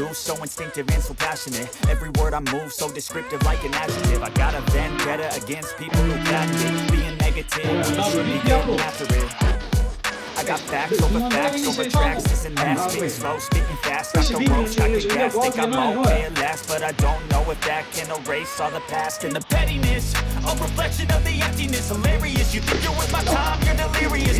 do So instinctive and so passionate Every word I move so descriptive like an adjective I got a vendetta against people who act it Being negative, should be getting after it I got facts over facts over tracks This and that, speaking slow, speaking fast I can roast, I can gas, think I'm all man last But I don't know if that can erase all the past And the pettiness, a reflection of the emptiness Hilarious, you think you're worth my time, you're delirious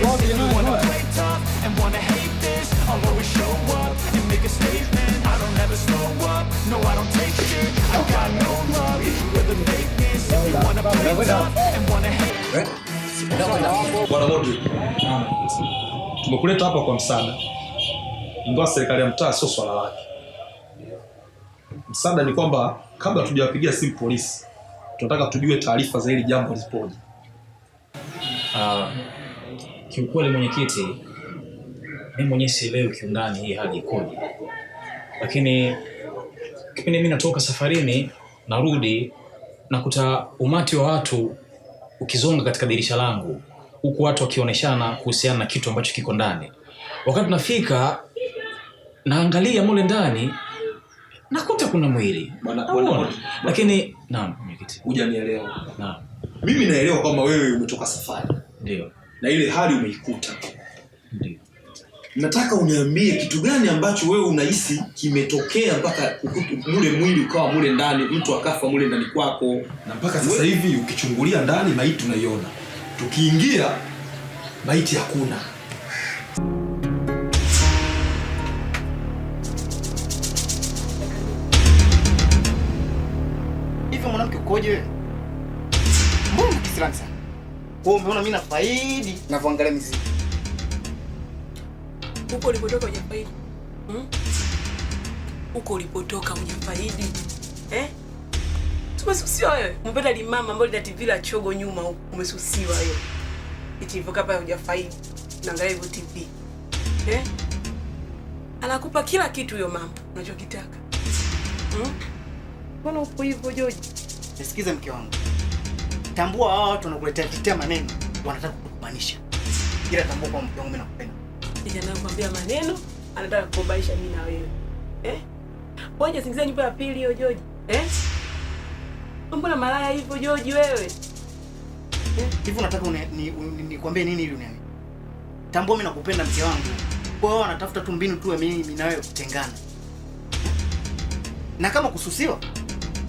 Bwana Modri, tumekuleta hapa kwa msaada ingawa serikali ya mtaa sio swala lake. Msaada ni kwamba kabla tujawapigia simu polisi, tunataka tujue taarifa za hili jambo lipoje. Uh, kiukweli mwenyekiti, mimi mwenyewe sielewi kiundani hii hali ikoje, lakini kipindi mimi natoka safarini narudi nakuta umati wa watu ukizonga katika dirisha langu, huku watu wakioneshana kuhusiana na kitu ambacho kiko ndani. Wakati nafika naangalia mule ndani nakuta kuna mwili lakini, naam, hujanielewa. Naam, mimi naelewa kwamba wewe umetoka safari, ndio, na ile hali umeikuta, ndio nataka uniambie kitu gani ambacho wewe unahisi kimetokea mpaka mule mwili ukawa mule ndani, mtu akafa mule ndani kwako, na mpaka sasa hivi ukichungulia ndani maiti unaiona, tukiingia maiti hakuna. Hivyo mwanamke ukoje? Mbona umeona mimi na na kuangalia muziki huko ulipotoka hujafaidi. Hmm? Huko ulipotoka hujafaidi. Eh? Tumesusiwa wewe. umependa limama ambayo lina TV la chogo nyuma huko. Umesusiwa wewe. Eti hivyo kapa hujafaidi. Naangalia hivyo TV. Eh? Anakupa kila kitu huyo mama unachokitaka. Hmm? Mbona upo hivyo Joji? Nisikize mke wangu. Tambua hao watu wanakuletea kitia maneno wanataka kukupanisha, Ila tambua kwa mke wangu mimi nakupenda. Kijana anakuambia maneno, anataka kukubaisha mimi na wewe. Eh? Ngoja singizia nyumba ya pili hiyo Joji. Eh? Mbona malaya hivyo Joji wewe? Eh? Hivi unataka nikwambie nini hili uniambie? Tambua mimi nakupenda mke wangu. Kwa hiyo anatafuta tu mbinu tu mimi na wewe kutengana. Na kama kususiwa?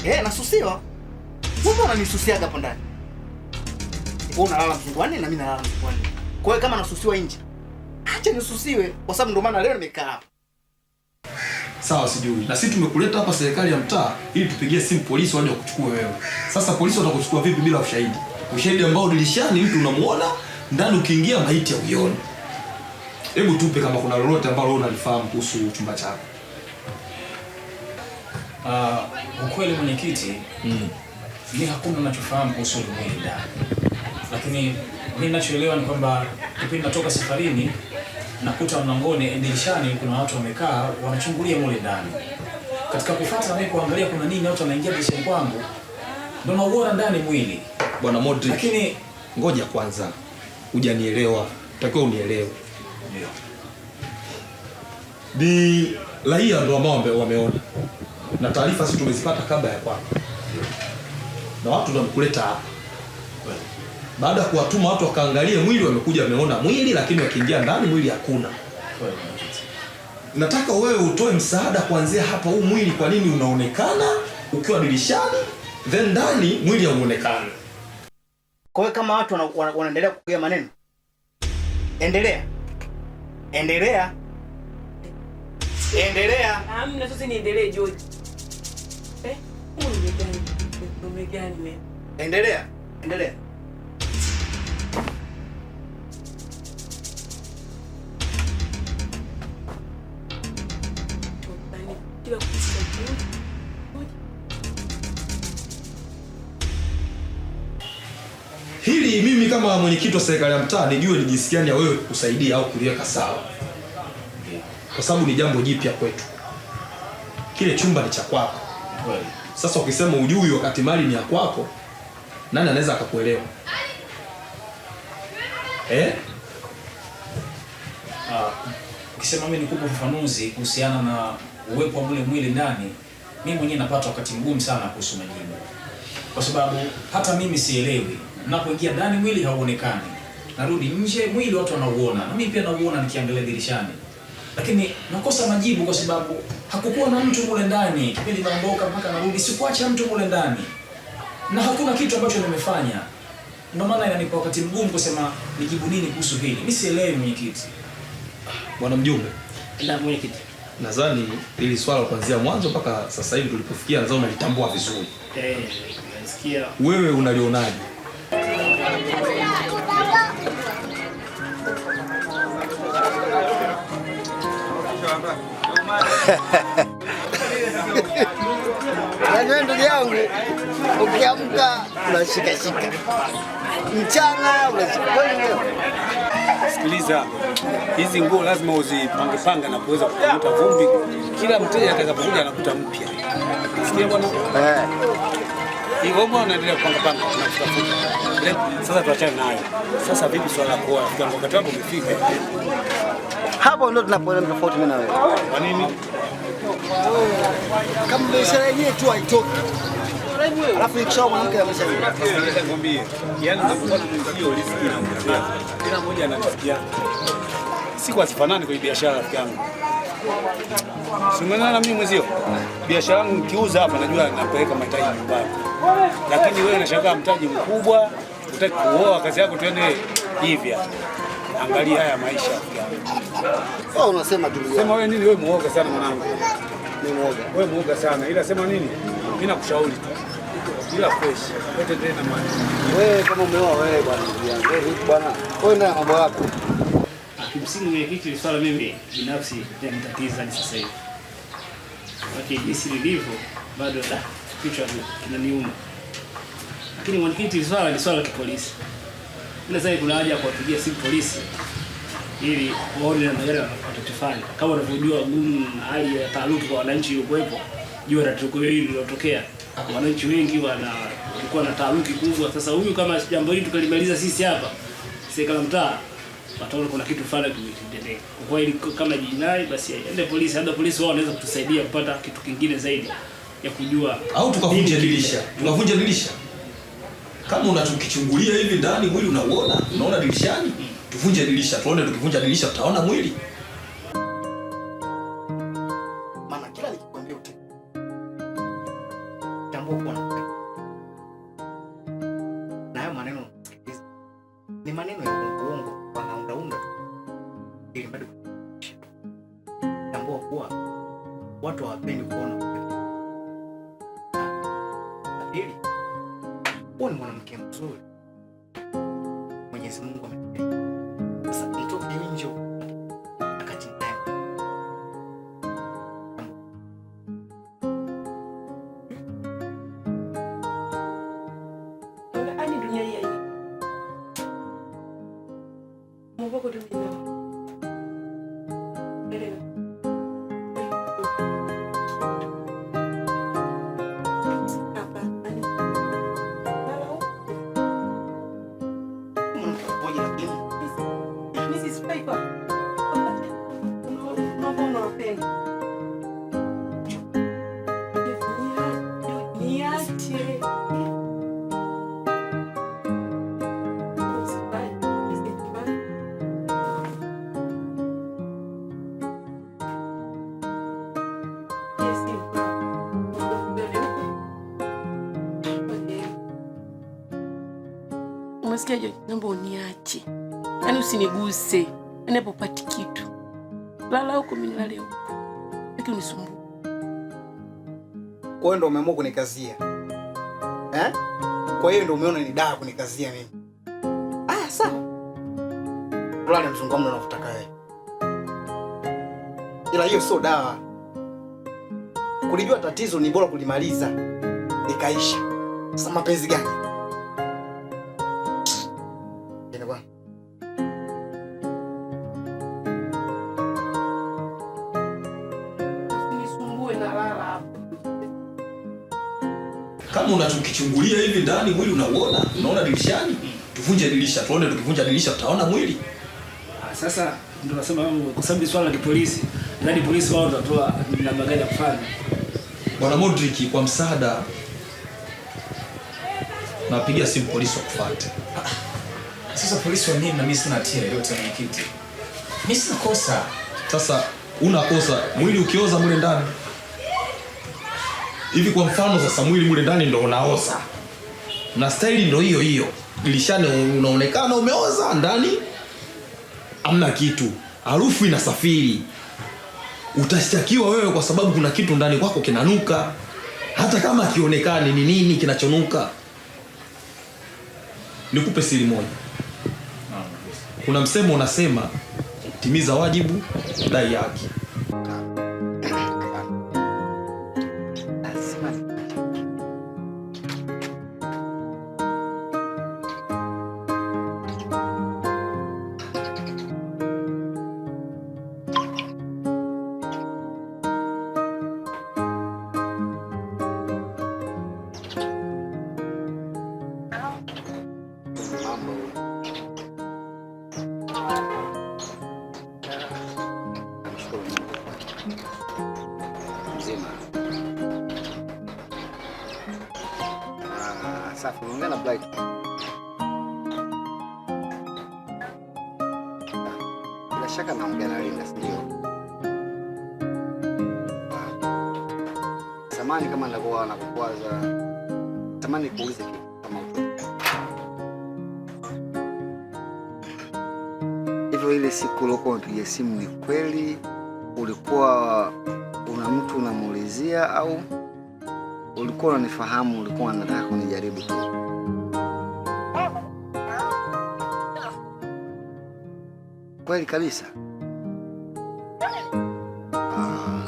Eh, nasusiwa. Mbona unanisusiaga hapo ndani? Wewe unalala mzunguani na mimi nalala mzunguani. Kwa hiyo kama nasusiwa nje, acha nisusiwe, kwa sababu ndo maana leo nimekaa hapa. Sawa, sijui. Na sisi tumekuleta hapa serikali ya mtaa ili tupigie simu polisi waje wakuchukue wewe. Sasa polisi watakuchukua vipi bila ushahidi? Ushahidi ambao dirishani mtu unamuona, ndani ukiingia maiti hauioni. Hebu tupe kama kuna lolote ambalo wewe unalifahamu kuhusu chumba chako. Ah, uh, ukweli mwenyekiti, mm. Ni hakuna ninachofahamu kuhusu ndani. Lakini mimi ninachoelewa ni kwamba kipindi natoka safarini nakuta mlangoni dirishani kuna watu wamekaa wanachungulia mule ndani. Katika kufuata mimi kuangalia kuna nini, watu wanaingia dirishani kwangu, ndio nauona ndani mwili bwana Modric. Lakini ngoja kwanza, hujanielewa, takiwa unielewe. Ndio ni raia ndo ambao wameona, na taarifa sisi tumezipata kabla ya kwako, na watu ndio mkuleta hapa baada ya kuwatuma watu wakaangalie mwili, wamekuja wameona mwili, lakini wakiingia ndani mwili hakuna. Nataka wewe utoe msaada kuanzia hapa. Huu mwili kwa nini unaonekana ukiwa dirishani, then ndani mwili hauonekani? Kwa hiyo kama watu wanaendelea wana, kupiga maneno, endelea endelea endelea, hamna sisi niendelee George eh, ndio mgeni endelea endelea. hili mimi kama mwenyekiti wa serikali ya mtaa nijue ni jinsi gani ya wewe kusaidia au kuliweka sawa, kwa sababu ni jambo jipya kwetu. Kile chumba ni cha kwako. Sasa ukisema ujui wakati mali ni ya kwako, nani anaweza akakuelewa eh? Ah, ukisema mimi nikupe ufafanuzi kuhusiana na uwepo wa mule mwili ndani, mimi mwenyewe napata wakati mgumu sana kuhusu majibu, kwa sababu hata mimi sielewi Mnapoingia ndani mwili hauonekani, narudi nje mwili watu wanauona, na mimi pia nauona nikiangalia dirishani, lakini nakosa majibu kwa sababu hakukuwa na mtu mule ndani kipindi naondoka mpaka narudi, sikuacha mtu mule ndani na hakuna kitu ambacho nimefanya. Ndio maana inanipa wakati mgumu kusema nijibu nini kuhusu hili, mimi sielewi. Mwenyekiti, bwana mjumbe, la mwenyekiti, nadhani ili swala kuanzia mwanzo mpaka sasa hivi tulipofikia, nadhani unalitambua vizuri. Eh, hey, nasikia wewe unalionaje? Yaani ndugu yangu, ukiamka unashikashika, mchana unashika. Sikiliza, hizi nguo lazima uzipangepanga na kuweza kuvuta vumbi, kila mteja atakapokuja anakuta mpya. Sikia bwana eh, hiyo mbona unaendelea kupangapanga? Sasa tuachane nayo. Sasa vipi swala la kuoa? Wakati wako umefika. Hapo ndio tunapoona tofauti mimi na wewe. Kwa nini? Kama biashara yenyewe tu haitoki. Alafu ikisha mwanamke ameshaingia. Sasa nikwambie, yaani unapokuwa na mzio riski na mzio. Kila mmoja ana riski yake. Siku kwa biashara rafiki yangu. Sungana na mimi mwezio. Biashara yangu nikiuza hapa najua napeleka mtaji nyumbani. Lakini wewe unashangaa mtaji mkubwa, utaki kuoa kazi yako tuende hivi hapa angalia haya maisha. Sasa unasema tu. Sema wewe nini wewe muoga sana mwanangu. Ni muoga. Wewe muoga sana. Ila sema nini? Mimi nakushauri tu. Bila fresh. Wote tena maana. Wewe kama umeoa wewe bwana. Wewe bwana. Wewe ndio mambo yako. Kimsingi mwenye kitu swala mimi binafsi nitatiza ni sasa hivi. Lakini jinsi lilivyo bado da kichwa kinaniuma. Lakini mwenyekiti swala ni swala la kipolisi. Ila sasa kuna haja ya kuwapigia simu polisi ili waone namna gani watatufanya, kama wanavyojua gumu hali ya taarufu kwa wananchi iliyokuwepo jua ya tukio hili lilotokea. Wananchi wengi wana walikuwa na taaruki kubwa. Sasa huyu kama jambo hili tukalimaliza sisi hapa sisi kama mtaa, wataona kuna kitu fulani kimetendeka. Kwa ili kama jinai, basi aende polisi, hata polisi wao wanaweza kutusaidia kupata kitu kingine zaidi ya kujua, au tukavunja dirisha, tukavunja dirisha kama unachokichungulia hivi ndani mwili unauona, unaona dirishani, tuvunje dirisha, tuone. Tukivunja dirisha tutaona mwili. kila nikikwambia na hayo maneno ni maneno ya uongo, wanaundaunda ili bado tambua kuwa watu hawapendi 그림이네요. niache, yaani usiniguse, yaani kitu lala huko minilale huko, aki unisumbua. Kwa hiyo ndo umeamua kunikazia eh? Kwa hiyo ndo umeona ni daa kunikazia mimi? Ah, sawa, ulale mzungamno unakutaka wewe, ila hiyo sio dawa. Kulijua tatizo ni bora kulimaliza ikaisha Sasa mapenzi gani? kama unachokichungulia hivi ndani mwili unauona, unaona dirishani, tuvunje dirisha tuone. Tukivunja dirisha tutaona mwili. Ah, sasa ndio nasema kwa sababu swala la kipolisi, ndani polisi wao wanatoa namna gani ya kufanya. Bwana Modric, kwa msaada napiga simu polisi wakufuate. Ah, sasa polisi wa nini? Na mimi sina hatia yote mwenyekiti, mimi sina kosa. Sasa una kosa, mwili ukioza mule ndani hivi kwa mfano sasa, mwili mule ndani ndo unaoza na staili ndo hiyo hiyo, dirishani unaonekana umeoza, ndani amna kitu, harufu inasafiri. Utashtakiwa wewe kwa sababu kuna kitu ndani kwako kinanuka, hata kama kionekani. Ni nini kinachonuka? Nikupe siri moja. Kuna msemo unasema, timiza wajibu, dai yake shaka naongea na Linda, ah, Samani kama nakukwaza. Samani kama hivyo. Ile siku ulikuwa unapiga simu, ni kweli ulikuwa una mtu unamuulizia, au ulikuwa unanifahamu, ulikuwa unataka kunijaribu tu? Kweli kabisa. Ah,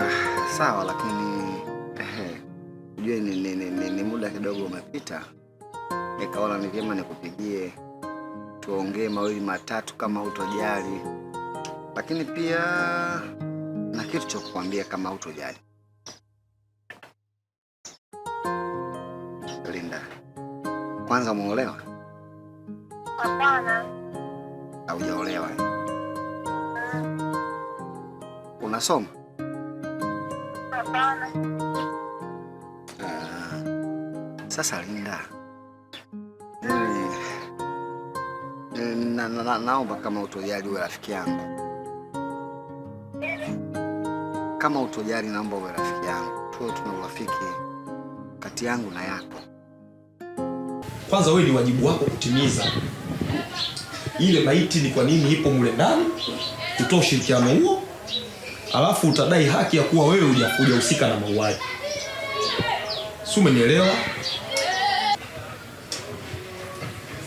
ah sawa lakini ujue ni, ni, ni, ni, ni muda kidogo umepita, nikaona ni vyema nikupigie tuongee mawili matatu kama hutojali, lakini pia na kitu cha kukwambia kama hutojali. Linda, kwanza umeolewa? Hapana haujaolewa, unasoma? Hapana. Ah, sasa Linda, naomba na, na, naomba kama utojali uwe rafiki yangu, kama utojali naomba uwe rafiki yangu, tuwe tuna urafiki kati yangu na yako. Kwanza wewe ni wajibu wako kutimiza ile maiti ni kwa nini ipo mule ndani, tutoe ushirikiano huo, alafu utadai haki ya kuwa wewe hujahusika na mauaji. Si umenielewa?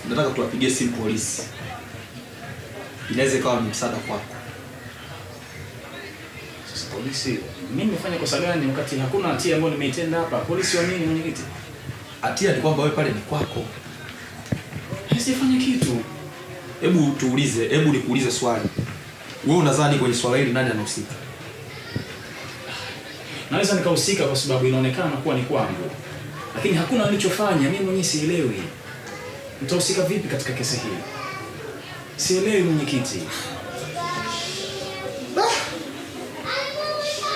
Nataka tuwapigie simu polisi, inaweza ikawa ni msaada kwako. Sasa Polisi, mimi nimefanya kosa gani wakati hakuna hatia ambayo nimeitenda hapa? Polisi wa nini mwenyekiti? Hatia ni kwamba wewe pale ni kwako. Sifanye kitu hebu tuulize, hebu nikuulize swali, wewe unadhani kwenye swala hili nani anahusika? Naweza nikahusika kwa sababu inaonekana kuwa ni kwangu, lakini hakuna nilichofanya mimi mwenyewe, sielewi. Mtahusika vipi katika kesi hii? Sielewi mwenyekiti.